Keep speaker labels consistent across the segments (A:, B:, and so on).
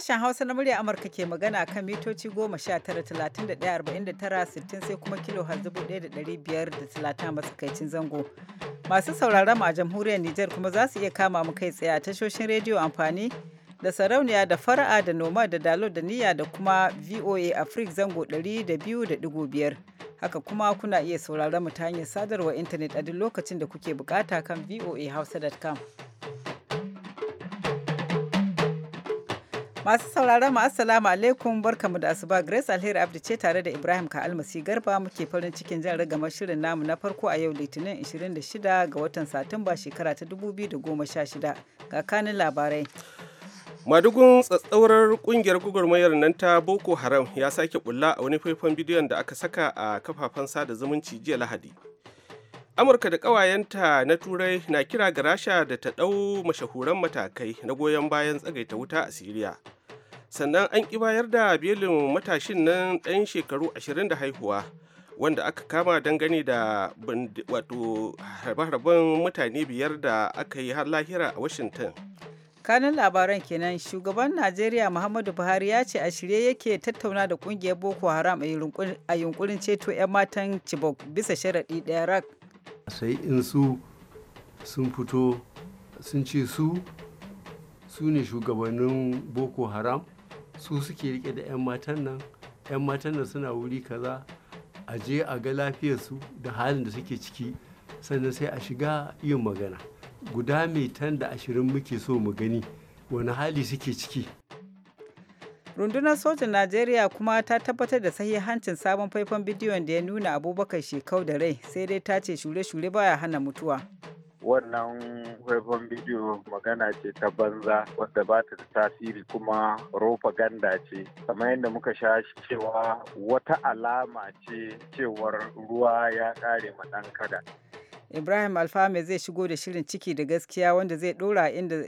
A: Sashen Hausa na murya Amurka ke magana kan mitoci goma sittin sai kuma kilo har a matsakaicin zango. Masu sauraron mu a jamhuriyar Nijar kuma za su iya kama mu kai tsaye a tashoshin rediyo amfani da sarauniya da fara'a da noma da dalo da niyya da kuma VOA Africa zango ɗari da da biyu biyar Haka kuma kuna iya sauraron mu ta hanyar sadarwar intanet a duk lokacin da kuke bukata kan voahausa.com. Masu sauraron mu assalamu alaikum barkamu da asuba Grace Alheri Abdi ce tare da Ibrahim Ka Almasi Garba muke farin cikin jan ragama shirin namu na farko a yau Litinin 26 ga watan Satumba shekara ta 2016 ga kanin labarai.
B: madugun tsatsaurar kungiyar gugurmayar nan ta boko haram ya sake bulla a wani faifan bidiyon da aka saka a kafafen sada zumunci jiya lahadi amurka da ƙawayenta na turai na kira ga rasha da ta ɗau mashahuran matakai na goyon bayan tsagaita wuta a siriya sannan an ki bayar da belin matashin nan ɗan shekaru 20 da haihuwa wanda aka kama dangane da wato harbe-harben mutane biyar da aka yi har lahira a washington
A: kanin labaran kenan shugaban najeriya muhammadu buhari ya ce a shirye yake tattauna da kungiyar boko haram a yunkurin ceto 'yan matan chibok bisa sharaɗi ɗaya rak
C: sai in su sun fito sun ce su su ne shugabannin boko haram su suke rike da 'yan matan nan 'yan matan nan suna wuri kaza a je a ga lafiyarsu da halin da suke ciki sannan sai a shiga yin magana guda mai tan da ashirin muke so mu gani wani hali suke ciki
A: rundunar sojin najeriya kuma ta tabbatar da sahihancin sabon faifan bidiyon da ya nuna abubakar shekau da rai sai dai ta ce shure-shure baya hana mutuwa
D: wannan faifan bidiyo magana ce ta banza wadda ba ta tasiri kuma propaganda ce kamar yadda muka sha cewa wata alama ce cewar ruwa ya kare ma ɗan kada
A: ibrahim alfame zai shigo da shirin ciki da gaskiya wanda zai ɗora inda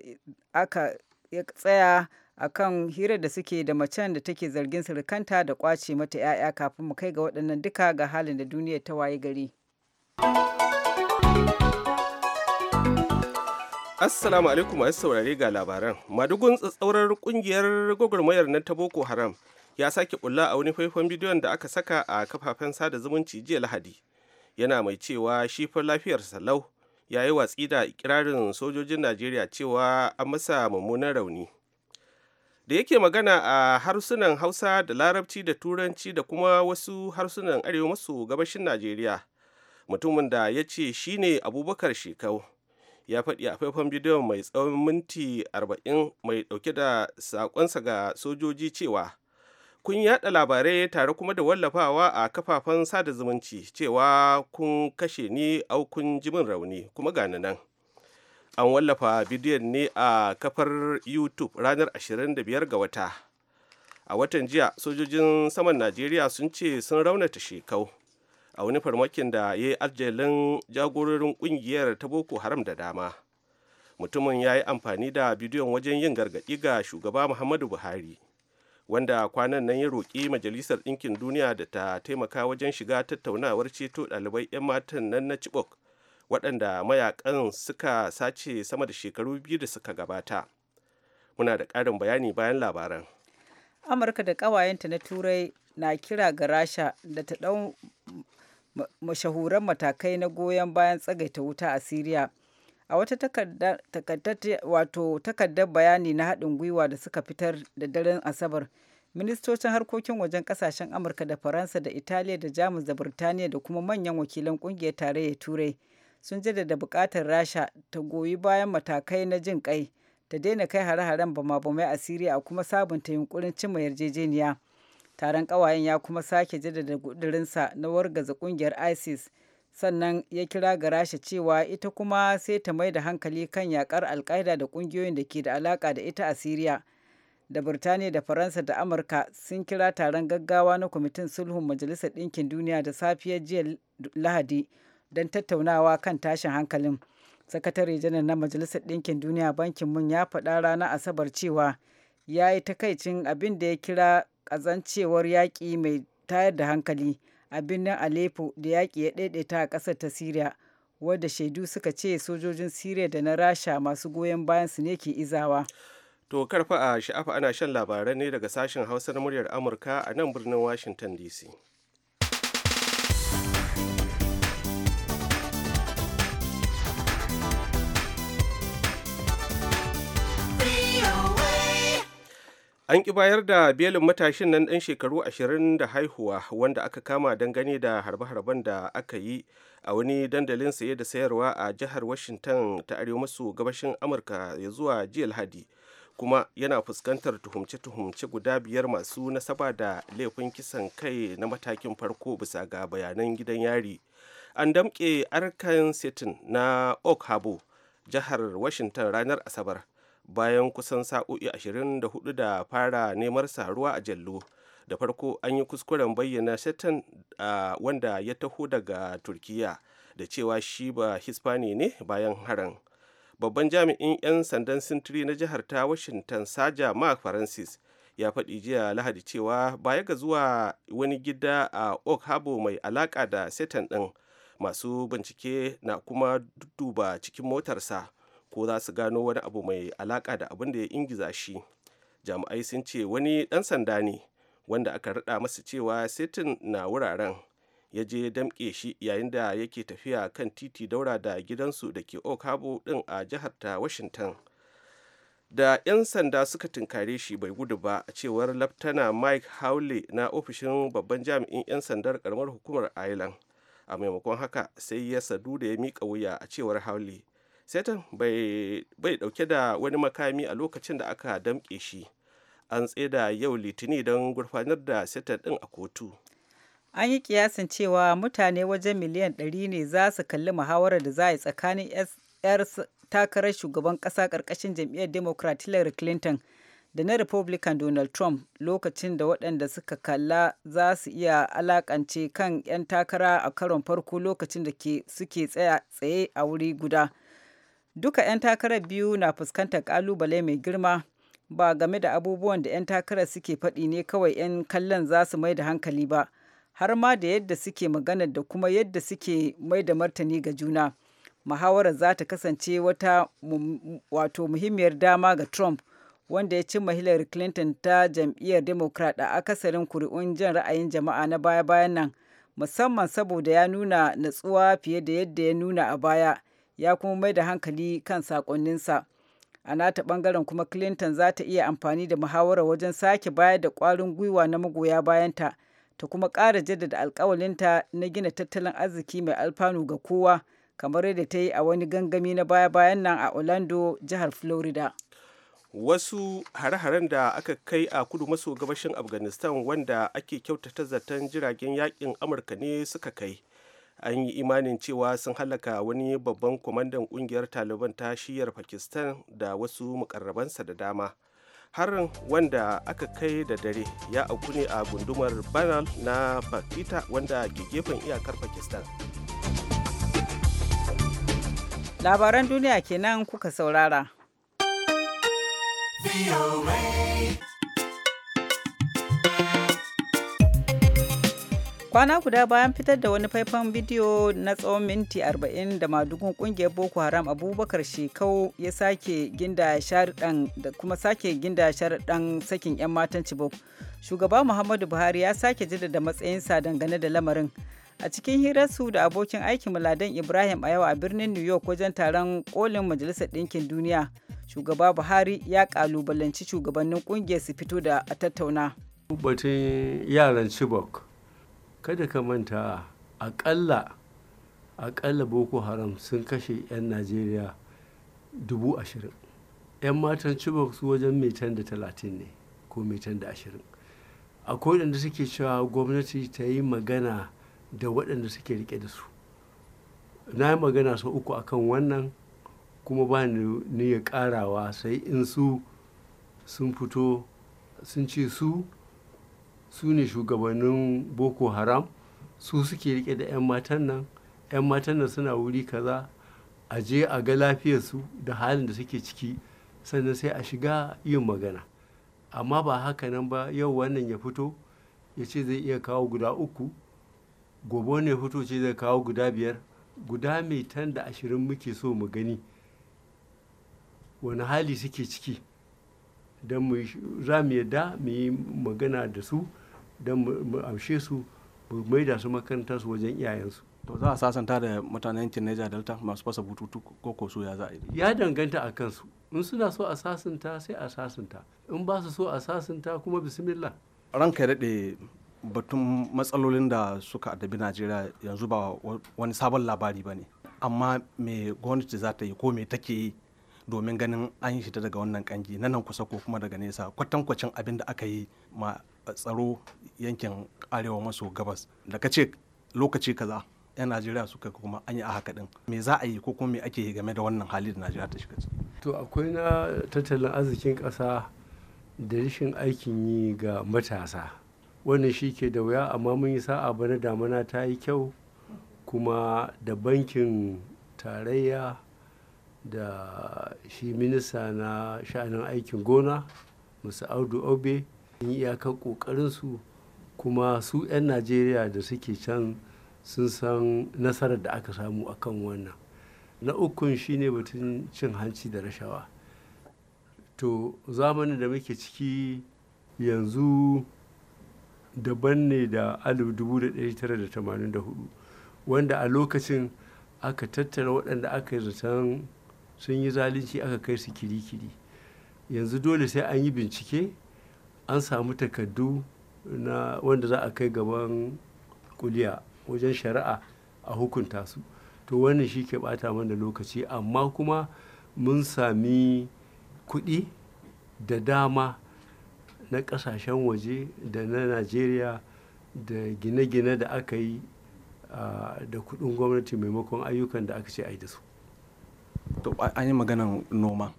A: aka tsaya a kan hirar da suke da macen da take zargin surukanta da kwace mata 'ya'ya kafin mu kai ga waɗannan duka ga halin da duniya ta waye gari.
B: Assalamu alaikum masu saurare ga labaran. Madugun tsatsaurar kungiyar gwagwarmayar na ta Boko Haram ya sake bulla a wani faifan bidiyon da aka saka a kafafen sada zumunci jiya Lahadi. Yana mai cewa shi fa lafiyarsa lau ya yi watsi da ikirarin sojojin Najeriya cewa an masa mummunan rauni. Da yake magana a harsunan Hausa da Larabci da Turanci da kuma wasu harsunan Arewa maso gabashin Najeriya. Mutumin da ya ce shi ne Abubakar Shekau. ya faɗi a faifan bidiyon mai tsawon minti 40 mai ɗauke da saƙonsa ga sojoji cewa kun yaɗa labarai tare kuma da wallafawa a kafafen sada zumunci cewa kun kashe ni au kun ji min rauni kuma gane nan an wallafa bidiyon ne a kafar youtube ranar 25 ga wata a watan jiya sojojin saman najeriya sun ce sun raunata shekau a wani farmakin da ya yi aljelin jagororin kungiyar ta boko haram da dama mutumin ya yi amfani da bidiyon wajen yin gargaɗi ga shugaba muhammadu buhari wanda kwanan nan ya roƙi majalisar ɗinkin duniya da ta taimaka wajen shiga tattaunawar ceto ɗalibai 'yan matan nan na chibok waɗanda mayakan suka sace sama da shekaru biyu da suka gabata muna da ƙarin bayani bayan labaran
A: amurka da ƙawayenta na turai na kira ga rasha da ta ɗau mashahuran matakai na goyon bayan tsagaita wuta a siriya a wata takardar bayani na haɗin gwiwa da suka fitar da daren asabar ministocin harkokin wajen ƙasashen amurka da faransa da italiya da jamus da birtaniya da kuma manyan wakilan ƙungiyar tarayyar turai sun jaddada buƙatar rasha ta goyi bayan matakai na jin kai ta daina kai hare-haren bama-bamai a siriya a kuma sabunta yunkurin cimma yarjejeniya taron ƙawayen ya kuma sake jaddada gudurinsa na wargaza ƙungiyar isis sannan ya kira ga rasha cewa ita kuma sai ta mai da hankali kan yakar alkaida da ƙungiyoyin da ke da alaka da ita a siriya da birtaniya da faransa da amurka sun kira taron gaggawa na kwamitin sulhun majalisar ɗinkin duniya da safiyar jiya lahadi don tattaunawa kan tashin hankalin sakatare janar na majalisar ɗinkin duniya bankin mun ya faɗa ranar asabar cewa ya yi takaicin abin da ya kira kazancewar yaƙi mai tayar da hankali a birnin Aleppo da yaƙi ya ɗaiɗaita a ƙasar ta Siriya, wadda shaidu suka ce sojojin Siriya da na Rasha masu goyon bayan su ne ke izawa.
B: To karfa a sha'afa ana shan labarai ne daga sashen Hausa na muryar Amurka a nan birnin Washington DC. an ki bayar da belin matashin nan ɗan shekaru ashirin da haihuwa wanda aka kama dangane da harbe-harben da aka yi a wani dandalin saye da sayarwa a jihar washington ta arewa maso gabashin amurka ya zuwa jiya lahadi kuma yana fuskantar tuhumce-tuhumce guda biyar masu nasaba da laifin kisan kai na matakin farko bisa ga bayanan gidan yari an damƙe arkan setin na oak harbor jihar washington ranar asabar bayan kusan sa'o'i 24 da fara neman saruwa a jallo da farko an yi kuskuren bayyana a wanda ya taho daga turkiya da cewa shi ba hispani ne bayan haran babban jami'in 'yan sandan sintiri na jihar ta washington saja mark francis ya faɗi jiya lahadi cewa baya ga zuwa wani gida a oak harbor mai alaƙa da setan ɗin masu bincike na kuma duba cikin motarsa ko za su gano wani abu mai alaka da abin da ya ingiza shi jami'ai sun ce wani ɗan sanda ne wanda aka rada masa cewa setin na wuraren ya je damƙe shi yayin da yake tafiya kan titi daura da gidansu da ke oak harbor ɗin a jihar ta washington da 'yan sanda suka tunkare shi bai gudu ba a cewar laftana mike howley na ofishin babban jami'in 'yan sandar karamar hukumar ireland a maimakon haka sai ya sadu da ya miƙa wuya a cewar howley seton bai dauke da wani makami a lokacin da aka damke shi an tseda yau litini don gurfanar da seton din a
E: kotu
A: an yi kiyasin cewa mutane wajen miliyan 100 ne za su kalli muhawarar da za a yi tsakanin 'yar takarar shugaban kasa karkashin jam'iyyar democrat hillary clinton da na republican donald trump lokacin da waɗanda suka kalla za su iya alakance kan 'yan takara a karon farko lokacin da suke tsaye a wuri guda duka 'yan takarar biyu na fuskantar kalubale mai girma ba game da abubuwan da 'yan takarar suke faɗi ne kawai 'yan kallon za su mai da hankali ba har ma da yadda suke magana da kuma yadda suke mai da martani ga juna muhawarar za ta kasance wata wato muhimmiyar dama ga trump wanda ya cimma hillary clinton ta jam'iyyar democrat a akasarin kuri'un jan ra'ayin jama'a na baya-bayan nan musamman saboda ya nuna natsuwa fiye da yadda ya nuna a baya ya kuma mai da hankali kan sakonninsa a nata ɓangaren kuma clinton za ta iya amfani da muhawara wajen sake bayar da kwarin gwiwa na magoya bayanta ta kuma ƙara jaddada alkawalinta na gina tattalin arziki mai alfanu ga kowa kamar yadda ta yi a wani gangami na baya-bayan nan a orlando jihar florida
B: wasu hare-haren da aka kai a kudu maso gabashin afghanistan wanda ake kyautata zaton jiragen yakin amurka ne suka kai an yi imanin cewa sun halaka wani babban kwamandan kungiyar taliban ta shiyar pakistan da wasu mukarrabansa da dama harin wanda aka kai da dare ya auku ne a gundumar banal
A: na pakita wanda ke gefen iyakar pakistan labaran duniya kenan kuka saurara kwana guda bayan fitar da wani faifan bidiyo na tsawon minti 40 da madugun kungiyar boko haram abubakar shekau ya sake ginda sharaɗan da kuma sake ginda ɗan sakin 'yan matan cibok shugaba muhammadu buhari ya sake da matsayinsa dangane da lamarin a cikin hirarsu da abokin aikin muladan ibrahim a yau a birnin new york wajen taron kolin majalisar ɗinkin duniya shugaba buhari ya kalubalanci shugabannin kungiyar su fito da a tattauna
C: batun yaran chibok kada ka manta aƙalla aƙalla boko haram sun kashe 'yan najeriya dubu ashirin 'yan matan chibok su wajen metan da talatin ne ko metan da ashirin akwai waɗanda suke cewa gwamnati ta yi magana da waɗanda suke rike da su na yi magana sau uku akan wannan kuma ba ni ya ƙarawa sai in su sun fito sun ce su su ne shugabannin boko haram su suke rike da 'yan matan nan 'yan matan nan suna wuri kaza a je a ga lafiyarsu da halin da suke ciki sannan sai a shiga yin magana amma ba haka nan ba yau wannan ya fito ya ce zai iya kawo guda uku gobe ne fito ce zai kawo guda biyar guda mai tan da ashirin muke so mu gani wani hali suke ciki don mu za mu da mu yi magana da su don mu
E: amshe su mu da su makaranta su wajen iyayensu to za a sasanta da mutanen yankin Niger Delta masu fasa bututu ko ko ya za a yi
C: ya danganta a kansu in suna so a sasanta sai a sasanta in ba su so a sasanta kuma bismillah
E: ranka ya daɗe batun matsalolin da suka addabi Najeriya yanzu ba wani sabon labari ba ne amma me gwamnati za ta yi ko me take yi domin ganin an yi ta daga wannan kangi na nan kusa ko kuma daga nesa kwatankwacin abin da aka yi ma tsaro yankin arewa maso gabas da ka ce lokaci kaza 'yan najeriya suka kuma an yi a haka din me za a yi ko kuma me ake yi game da wannan hali da najeriya ta shiga
C: to akwai na tattalin arzikin ƙasa da rashin aikin yi ga matasa wannan shi ke da wuya amma mun yi sa'a bana damana ta yi kyau kuma da bankin tarayya da shi minista na sha'anin aikin gona musa audu obe yi iyakar ƙoƙarinsu kuma su 'yan najeriya da suke can sun san nasarar da aka samu a kan wannan na ukun shine batun cin hanci da rashawa to zamanin da muke ciki yanzu daban ne da 1984 wanda a lokacin aka tattara waɗanda aka yi zaton sun yi zalunci aka kai su kiri-kiri yanzu dole sai an yi bincike an samu takaddu na wanda za a kai gaban kuliya wajen shari'a a hukunta su to wannan shi ke bata mana lokaci amma kuma mun sami kuɗi da dama na ƙasashen waje da na najeriya da gine-gine da aka yi da kuɗin gwamnati maimakon ayyukan da aka ce
E: a yi da su to an yi maganar noma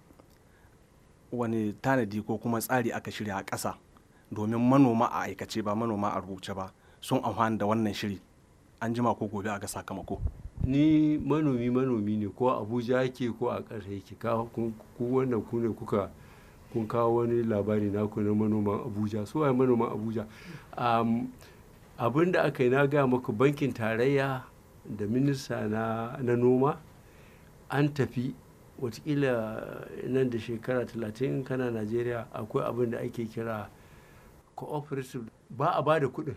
E: wani tanadi ko kuma tsari aka shirya a ƙasa domin manoma a aikace ba manoma a rubuce ba sun amfani da wannan shiri an jima ko gobe a ga sakamako ni manomi
C: manomi ne ko abuja yake ko a ƙasa yake ku wannan ku ne kuka kun kawo wani labari naku na manoman abuja su a manoman abuja abin da aka yi na gaya maku bankin tarayya da minista na noma an tafi watakila nan da shekara 30 kana najeriya akwai abin da ake kira cooperative ba a ba da kudin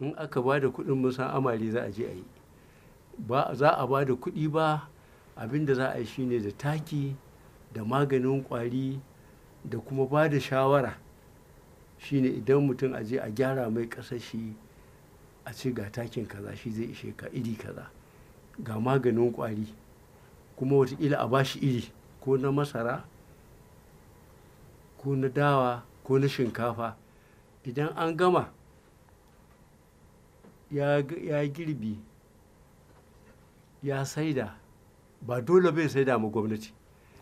C: in aka ba da kudin musan amali za a je a yi ba za a ba da kudi ba abin da za a yi shine da taki da maganin kwari da kuma ba da shawara shine idan mutum a je a gyara mai kasashi a ce ga takin kaza shi zai ishe ka iri kaza ga maganin kwari kuma watakila a bashi iri ko na masara ko na dawa ko na shinkafa idan an gama ya, girbi ya saida ba dole bai saida ma gwamnati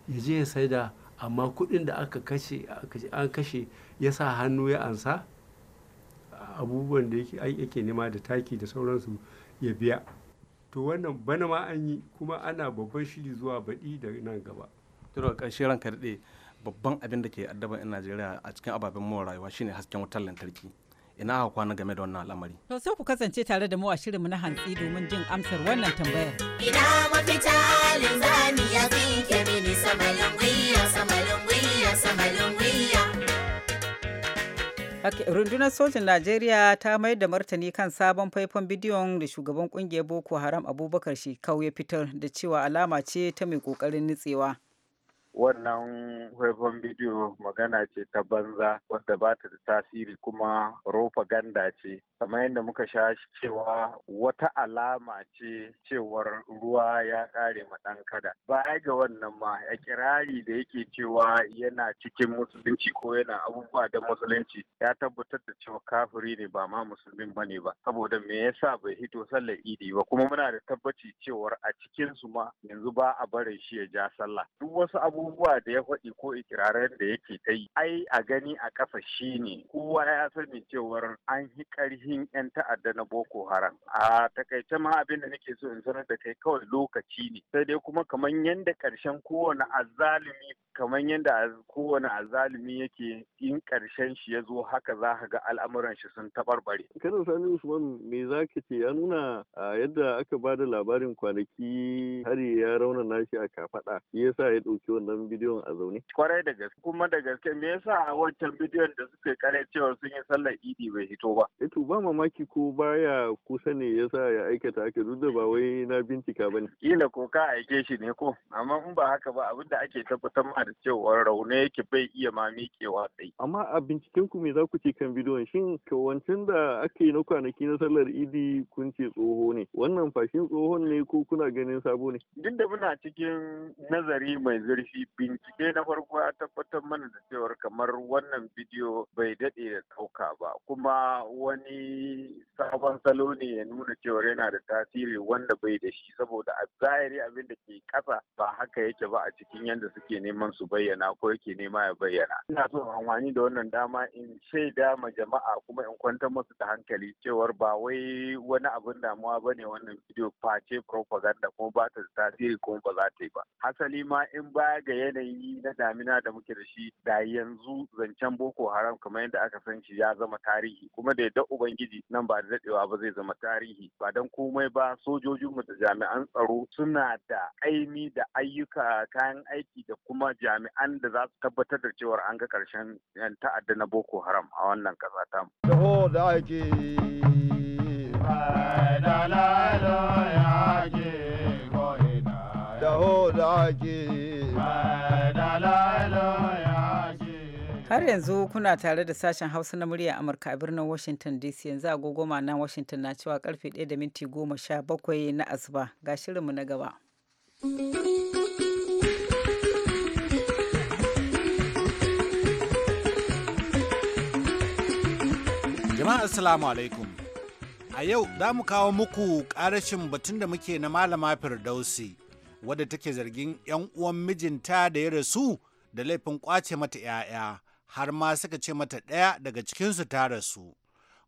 C: ya je ya saida amma kudin da aka kashe an kashe ya sa hannu ya ansa abubuwan da yake nema da taki da sauransu ya biya to wannan bana ma an yi kuma ana babban shiri zuwa baɗi da nan gaba
E: tura ƙarshe ranka daɗe babban abin da ke addaban 'yan najeriya a cikin ababen mawa rayuwa shine hasken wutar lantarki ina aka kwana game da wannan al'amari
A: to sai ku kasance tare da mu a shirinmu na hantsi domin jin amsar wannan tambayar
E: ina
F: mafita zani ya fi kemini sama
A: rundunar sojin najeriya ta mayar da martani kan sabon faifan bidiyon da shugaban kungiyar boko haram abubakar shekau ya fitar da cewa alama ce ta mai kokarin nutsewa
D: wannan faifan bidiyo magana ce ta banza wadda ba ta da tasiri kuma propaganda ce kamar yadda muka sha cewa wata alama ce cewar ruwa ya kare ma ɗan kada baya ga wannan ma ya kirari da yake cewa yana cikin musulunci ko yana abubuwa da musulunci ya tabbatar da cewa kafiri ne ba ma musulmin ba ne ba saboda me yasa bai hito sallar idi ba kuma muna da tabbaci cewar a cikin su ma yanzu ba a barin shi ya ja sallah duk wasu abubuwa abubuwa da ya faɗi ko ikirarin da yake ta yi ai a gani a ƙasa shi ne kowa ya sani cewar an yi ƙarhin 'yan ta'adda na boko haram a takaice ma abin da nake so in sanar da kai kawai lokaci ne sai dai kuma kamar yadda ƙarshen kowane azalimi kamar yadda kowane azalumi yake in ƙarshen shi ya zo haka za ka ga al'amuran shi sun tabarbare. Kada Sani Usman me za ka ce ya nuna a yadda aka ba da labarin kwanaki hari ya raunana nashi a kafaɗa shi yasa ya ɗauki wannan bidiyon a zaune. Kwarai da gaske kuma da gaske me ya sa wancan bidiyon da suka kare cewa sun yi sallar idi bai hito ba. Eh to ba mamaki ko baya kusa ne ya sa ya aikata haka duk da ba wai na bincika ba ne. Kila ko ka aike shi ne ko amma in ba haka ba abin da ake tabbatar ma yana da cewar raune yake bai iya ma miƙewa dai. Amma a binciken ku me za ku ce kan bidiyon shin kawancin da aka yi na kwanaki na sallar idi kun ce tsoho ne wannan fashin tsohon ne ko kuna ganin sabo ne. Duk da muna cikin nazari mai zurfi bincike na farko ya tabbatar mana da cewar kamar wannan bidiyo bai daɗe da ɗauka ba kuma wani sabon salo ne ya nuna cewar yana da tasiri wanda bai da shi saboda a zahiri abin da ke ƙasa ba haka yake ba a cikin yadda suke neman su bayyana ko yake nema ya bayyana ina so amfani da wannan dama in shaida ma jama'a kuma in kwantar musu da hankali cewar ba wai wani abin damuwa ba ne wannan bidiyo face propaganda kuma ba ta tasiri kuma ba za ta yi ba hasali ma in baya ga yanayi na damina da muke da shi da yanzu zancen boko haram kamar yadda aka san shi ya zama tarihi kuma da yadda ubangiji nan ba da daɗewa ba zai zama tarihi ba don komai ba sojojinmu da jami'an tsaro suna da aimi da ayyuka kayan aiki da kuma jami'an da za su tabbatar da cewar an ga ƙarshen yan ta'adda na Boko Haram a wannan ƙasa
A: Har yanzu kuna tare da sashen Hausa na murya Amurka a birnin Washington DC yanzu agogo na Washington na cewa karfe 1 da minti 17 na asuba ga shirinmu na gaba.
G: Jama'a Assalamu alaikum. A yau za mu kawo muku ƙarashin batun da muke na Malama Firdausi wadda take zargin 'yan uwan mijinta da ya rasu da laifin kwace mata 'ya'ya har ma suka ce mata ɗaya daga cikinsu ta rasu.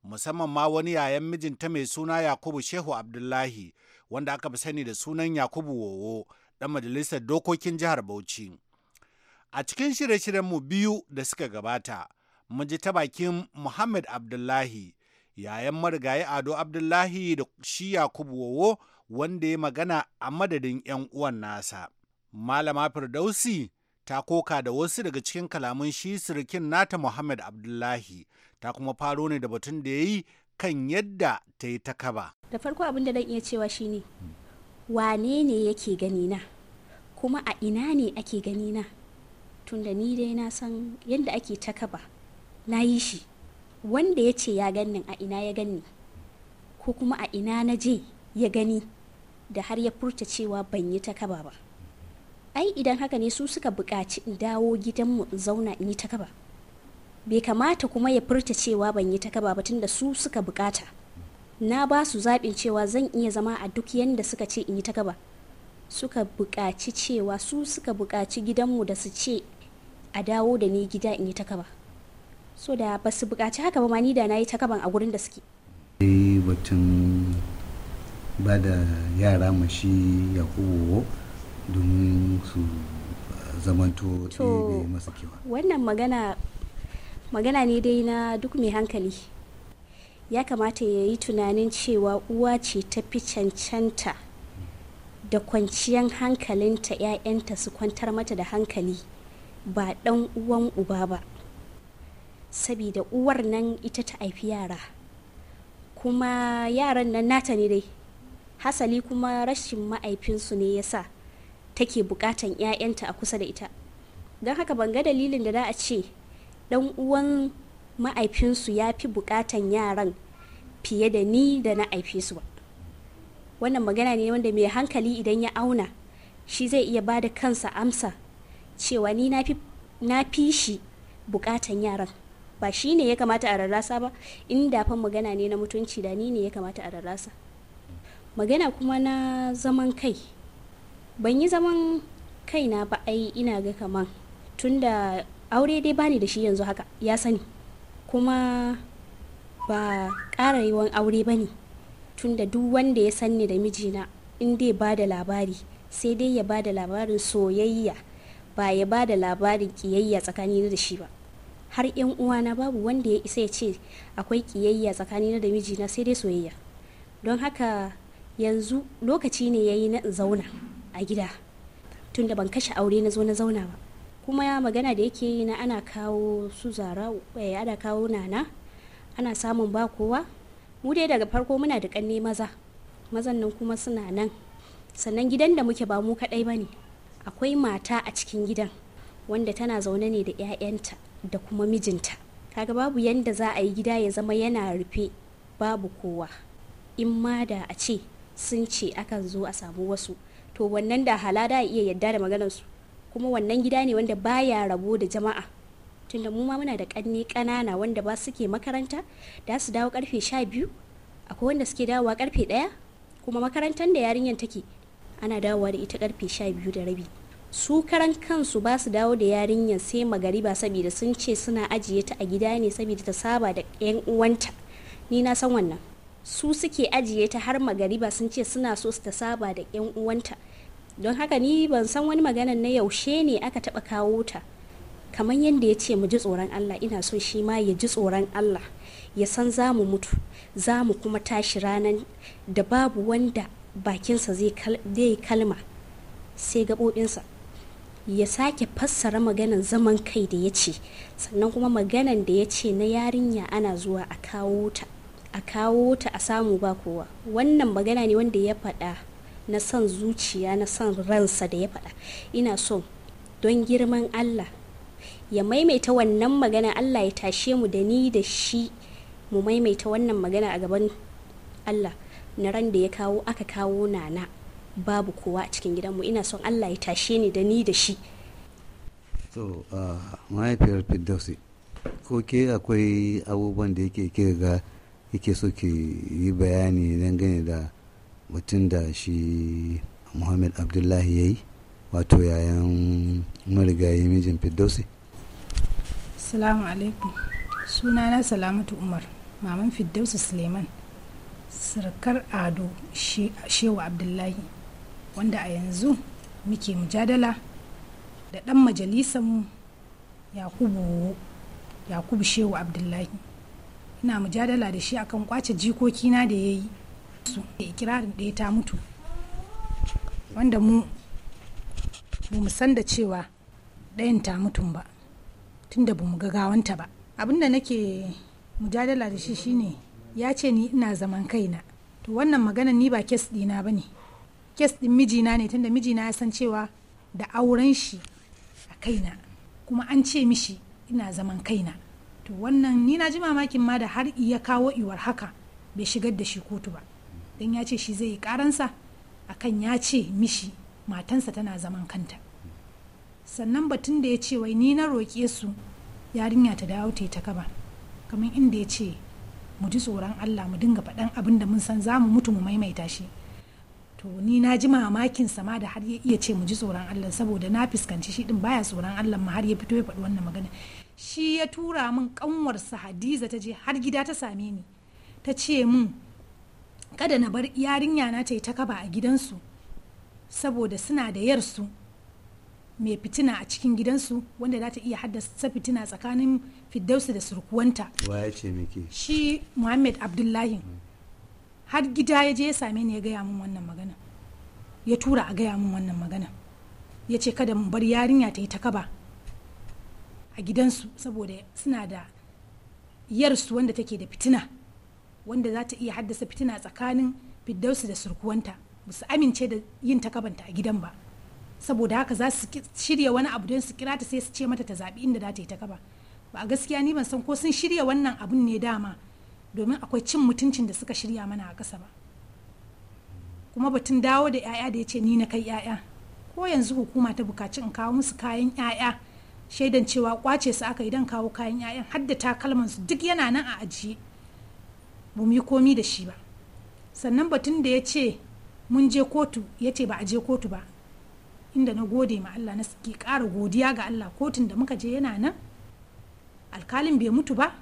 G: Musamman ma wani yayan mijinta mai suna Yakubu Shehu Abdullahi wanda aka fi sani da sunan Yakubu Wowo ɗan majalisar dokokin jihar Bauchi. A cikin shirye mu biyu da suka gabata, mun ji ta bakin Muhammad Abdullahi, yayan marigayi Ado Abdullahi da shi Yakubu Wowo wanda ya magana a madadin 'yan uwan nasa. Malama Firdausi ta koka da wasu daga cikin kalamun shi sirikin nata Muhammad Abdullahi, ta kuma faro ne da batun da ya yi kan yadda ta yi ta kaba.
F: Da farko abin da zan iya cewa shi ne wane ne yake ganina kuma a ina ne ake ganina tunda ni dai na san yadda ake ta kaba. na yi shi wanda ya ce ya gannin a ina ya ganni ko kuma a ina na je ya gani da har ya furta cewa ban yi ta kaba ba ai idan haka ne su suka buƙaci in dawo gidanmu in zauna in yi ta kaba bai kamata kuma ya furta cewa ban yi ta kaba ba tunda su suka buƙata na ba su zaɓin cewa zan iya zama a duk yanda suka ce in yi ta kaba suka buƙaci cewa su suka buƙaci gidanmu da su ce a dawo da ni gida in yi ta kaba so da ba su buƙaci haka ba ma ni da na yi ta a gurin da suke
C: batun ba da yara mashi yakubu domin su zamanto ɗaya
A: masu kewa
F: wannan magana ne dai na duk mai hankali ya kamata ya yi tunanin cewa uwa ce ta fi cancanta da kwanciyan hankalinta 'ya'yanta su kwantar mata da hankali ba dan uwan uba ba saboda uwar nan ita ta haifi yara kuma yaran nan nata ne dai hasali kuma rashin ma'aifinsu ne yasa take bukatan 'ya'yanta a kusa da ita don haka ban ga dalilin da za a ce dan uwan ma'aifinsu ya fi bukatan yaran fiye da ni da na aifi su wannan magana ne wanda mai hankali idan ya auna shi zai iya bada kansa amsa cewa ni na fi shi bukatan yaran ba shi ne ya kamata a rarrasa ba inda fa magana ne na mutunci da ni ne ya kamata a rarrasa magana kuma na zaman kai ban yi zaman kaina ba ai ina ga kaman tunda aure dai bani da shi yanzu haka ya sani kuma ba ƙara yawan aure ba ne tunda duk wanda ya sanni da mijina in dai ba da labari sai dai ya ba da labarin soyayya ba ya ba da labarin kiyayya tsakanin da shi ba har yan uwa na babu wanda ya isa ya ce akwai kiyayya tsakani na da mijina sai dai soyayya don haka yanzu lokaci ne yayi yi na zauna a gida tunda ban kashe aure na zo na zauna ba kuma ya magana da yake yi na ana kawo su zara eh, ana kawo nana ana samun ba kowa mu dai daga farko muna da kanne maza mazan nan kuma suna nan sannan gidan da muke ba mu kadai bane akwai mata a cikin gidan wanda tana zaune ne da 'ya'yanta da kuma mijinta kaga babu yanda za a yi gida ya zama yana rufe babu kowa in ma da a ce sun ce akan zo a samu wasu to wannan da hala da iya yadda da maganarsu kuma wannan gida ne wanda baya rabo da jama'a tunda mu ma muna da kanni kanana wanda ba suke makaranta da su dawo karfe sha biyu akwai wanda suke dawowa karfe ɗaya kuma makarantar da yarinyar take ana dawowa da ita karfe sha biyu da rabi su karan kansu ba su dawo da yarinyar sai magariba saboda sun ce suna ajiye ta a gida ne saboda ta saba da yan uwanta ni na san wannan su suke ajiye ta har magariba sun ce suna so su ta saba da yan uwanta don haka ni ban san wani maganan na yaushe ne aka taba kawo ta kamar yadda ya ce mu ji tsoron Allah ina so shi ma ya ji tsoron Allah ya san za mu mutu za mu kuma tashi ranan da babu wanda bakinsa zai kalma sai gaɓoɓinsa ya sake fassara maganan zaman kai da ya ce sannan kuma maganan da ya ce na yarinya ana zuwa a kawo ta a samu ba kowa wannan magana ne wanda ya faɗa na son zuciya na son ransa da ya faɗa ina so don girman allah ya maimaita wannan magana allah ya tashe mu da ni da shi mu maimaita wannan magana a gaban allah na ran da ya kawo aka kawo nana babu kowa a cikin gidanmu ina son allah ya tashe ni da ni da shi
A: so uh, mahaifiyar
C: firdausi ko ke akwai abubuwan da yake ke ga yake so ke yi bayani dangane da mutum da shi muhammad abdullahi ya yi wato yayan marigayi mijin firdausi
H: salamu alaikum sunana salamatu umar maman firdausi suleiman sarkar ado shewa abdullahi wanda a yanzu muke mujadala da ɗan majalisanmu yakubu yakubu shehu abdullahi ina mujadala da shi akan kwace jikokina da ya yi su da ikirarin ɗaya ta mutu wanda mu mu san da cewa ɗayan ta mutum ba tunda ba mu ga gawanta ba abinda nake mujadala da shi shine ya ce ni ina zaman kaina to wannan magana ni ba kes ɗina ba ne kes din mijina ne tunda mijina ya san cewa da auren shi a kaina kuma an ce mishi ina zaman kaina to wannan ni na ji mamakin ma da har iya kawo iwar haka bai shigar da shi kotu ba don ya ce shi zai yi karansa akan ya ce mishi matansa tana zaman kanta sannan batun da ya ce wai ni na roƙe su yarinya ta dawo ta yi ta kaba kamar inda ya ce mu ji tsoron allah mu dinga faɗan abin da mun san za mu mutu mu maimaita shi to ni na ji mamakin sama da har ya iya ce mu ji tsoron Allah saboda na fuskanci shi din baya tsoron Allah ma har ya fito ya faɗi wannan magana shi ya tura min ƙanwarsa Hadiza ta je har gida ta same ni ta ce min kada na bar yarinya na ta yi ta kaba a gidansu saboda suna da yarsu mai fitina a cikin gidansu wanda za ta iya haddasa fitina tsakanin fiddausu da surkuwanta shi muhammad abdullahi mm. har gida ya je ya same ni ya gaya min wannan magana ya tura a gaya min wannan magana ya ce kada mu bar yarinya ta yi ta kaba a gidansu saboda suna da yarsu wanda take da fitina wanda za ta iya haddasa fitina tsakanin fiddausu da surkuwanta ba su amince da yin takabanta a gidan ba saboda haka za su shirya wani abu don su kira ta sai su ce mata ta zaɓi inda za ta yi ta kaba ba a gaskiya ni ban san ko sun shirya wannan abun ne dama domin akwai cin mutuncin da suka shirya mana a ƙasa ba kuma batun dawo da 'ya'ya da ya ce ni na kai 'ya'ya ko yanzu hukuma ta bukaci in kawo musu kayan 'ya'ya shaidan cewa kwace su aka idan kawo kayan 'ya'yan hadda takalman su duk yana nan a ajiye ba mu yi komi da shi ba sannan batun da ya ce mun je kotu ya ce ba a je kotu ba inda na gode ma Allah na ke ƙara godiya ga Allah kotun da muka je yana nan alkalin bai mutu ba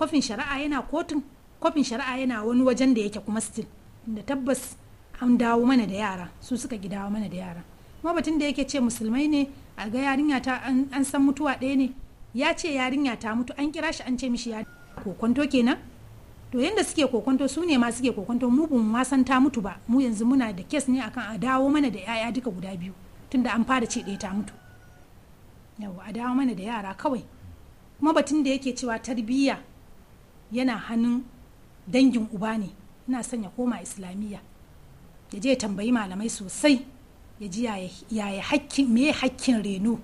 H: kofin shari'a yana kotun kofin shari'a yana wani wajen da yake kuma still da tabbas an dawo mana da yara su suka gidawa mana da yara kuma batun da yake ce musulmai ne a ga yarinya ta an san mutuwa ɗaya ne ya ce yarinya ta mutu an kira shi an ce mishi ya kokonto kenan to yanda suke kokonto su ne ma suke kokonto mu ba ma san ta mutu ba mu yanzu muna da kes ne akan a dawo mana da yaya duka guda biyu tunda an fara ce ɗaya ta mutu yawa a dawo mana da yara kawai kuma batun da yake cewa tarbiyya yana hannun dangin uba ne ina son ya koma islamiyya ya je tambayi malamai sosai ya ji yaya hakkin me hakkin reno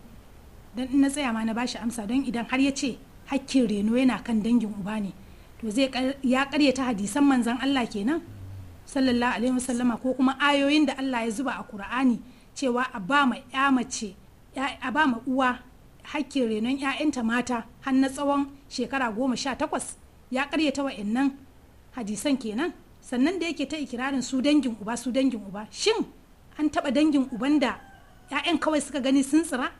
H: don in na tsaya ma na shi amsa don idan har ya ce hakkin reno yana kan dangin uba ne to zai ya karyata hadisan manzan Allah kenan sallallahu alaihi wasallama ko kuma ayoyin da Allah ya zuba a Kur'ani cewa a ba ya mace a ba uwa hakkin renon 'ya'yanta mata har na tsawon shekara goma sha takwas ya karyata wa'annan hadisan kenan sannan da yake ta ikirarin su dangin uba su dangin uba shin an taba dangin uban da 'ya'yan kawai suka gani sun tsira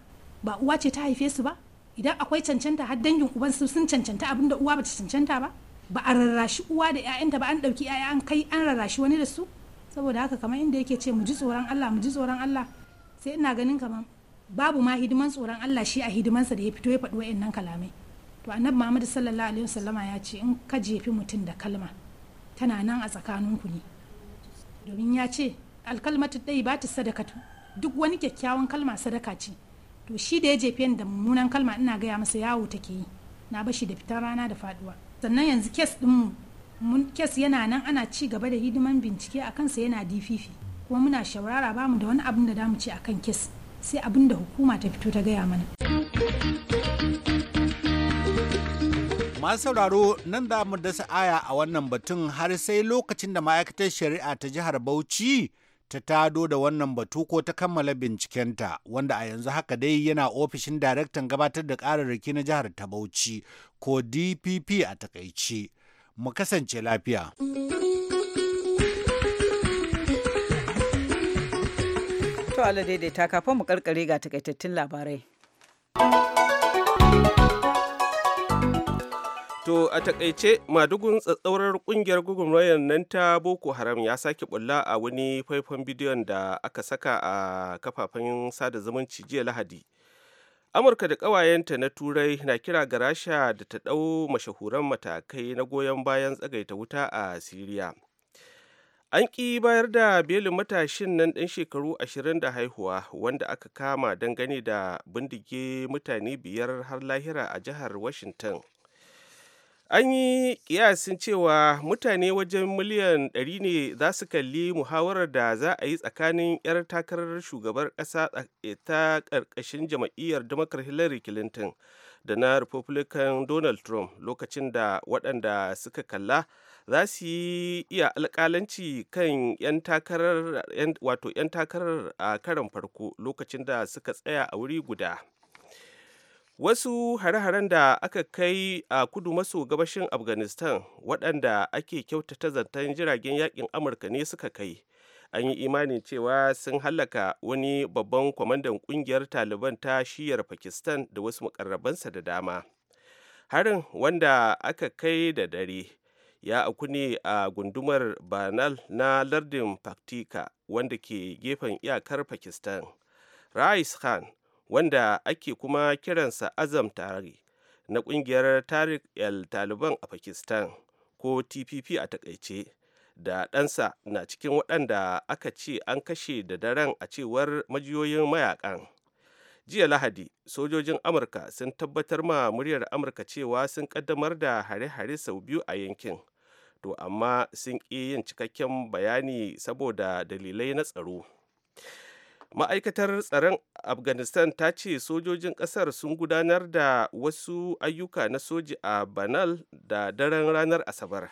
H: ba uwa ce ta haife su ba idan akwai cancanta har dangin uban su sun cancanta abin da uwa bata cancanta ba ba a rarrashi uwa da 'ya'yanta ba an dauki 'ya'ya an kai an rarrashi wani da su saboda haka kamar inda yake ce mu ji tsoron Allah mu ji tsoron Allah sai ina ganin kamar babu ma hidiman tsoron Allah shi a hidimansa da ya fito ya faɗi wa'annan kalamai to annabi muhammadu sallallahu alaihi wasallama ya ce in ka jefi mutum da kalma tana nan a tsakanin ku ne domin ya ce alkalmatu ɗai ba ta sadaka duk wani kyakkyawan kalma sadaka ce to shi da ya jefi da mummunan kalma ina gaya masa yawo take yi na bashi da fitan rana da faduwa sannan yanzu kes din mun kes yana nan ana ci gaba da hidiman bincike a kansa yana dififi kuma muna shawarara ba mu da wani abin da damu ce akan kes sai abin da hukuma ta fito ta gaya mana
G: Masu sauraro nan da mu dasa aya a wannan batun har sai lokacin da ma'aikatar shari'a ta jihar Bauchi ta tado da wannan batu ko ta kammala bincikenta wanda a yanzu haka dai yana ofishin daraktan gabatar da ƙararraki na jihar ta Bauchi ko DPP a takaici Mu kasance lafiya.
A: To ala daidaita kafin mu karkare ga takaitattun labarai.
B: To a takaice madugun tsatsaurar kungiyar gugurmayar nan ta Boko Haram ya sake bulla a wani faifan bidiyon da aka saka a kafafen sada zumunci jiya Lahadi. Amurka da ƙawayenta na Turai na kira ga Rasha da ta ɗau mashahuran matakai na goyon bayan tsagaita wuta a Siriya. An ƙi bayar da belin matashin nan ɗan shekaru ashirin da haihuwa wanda aka kama dangane da bindige mutane biyar har lahira a jihar Washington. an yi kiyasin cewa mutane wajen miliyan 100 ne za su kalli muhawarar da za a yi tsakanin 'yar takarar shugabar ƙasa eh, ta karkashin jam'iyyar damakar hillary clinton da na republican donald trump lokacin da waɗanda suka kalla za su yi iya alƙalanci kan 'yan takarar a karan farko lokacin da suka tsaya a wuri guda wasu hare-haren da aka kai a kudu maso gabashin afghanistan waɗanda ake kyautata zantan jiragen yakin amurka ne suka kai an yi imanin cewa sun hallaka wani babban kwamandan ƙungiyar taliban ta shiyar pakistan da wasu makarrabansa da dama harin wanda aka kai da dare ya aku ne a gundumar banal na lardin paktika wanda ke gefen iyakar pakistan rais khan wanda ake kuma kiransa azam tare na kungiyar tarik el taliban a pakistan ko tpp a takaice da ɗansa na cikin waɗanda aka ce an kashe da daren a cewar majiyoyin mayakan jiya lahadi sojojin amurka sun tabbatar ma muryar amurka cewa sun ƙaddamar da hare-hare sau biyu a yankin to amma sun ƙi yin cikakken bayani saboda dalilai na tsaro ma'aikatar tsaron afghanistan ta ce sojojin kasar sun gudanar da wasu ayyuka na soji a banal da daren ranar asabar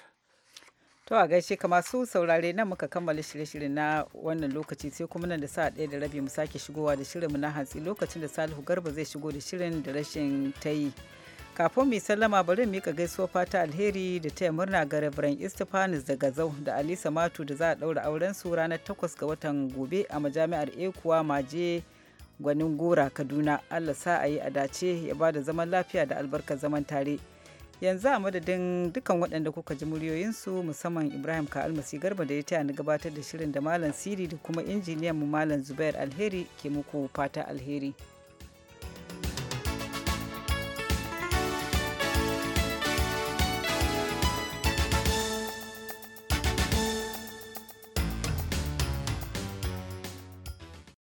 A: to a gaishe kama su saurare nan muka kammala shirye-shirye na wannan lokaci sai kuma nan da sa ɗaya da rabi mu sake shigowa da shirinmu na hantsi lokacin da salihu garba zai shigo da shirin da rashin ta yi kafin mai sallama bari mika gaisuwa fata alheri da taya murna ga rabiran Estefanus da Gazau da Alisa Matu da za a ɗaura auren su ranar 8 ga watan gobe a majami'ar Ekuwa Maje gwanin gora Kaduna. Allah sa a yi a dace ya ba da zaman lafiya da albarkar zaman tare. Yanzu a madadin dukkan waɗanda kuka ji muryoyinsu musamman Ibrahim Ka Almasi Garba da ya taya ni gabatar da shirin da Malam Siri da kuma injiniyan mu Malam Zubair Alheri ke muku fata alheri.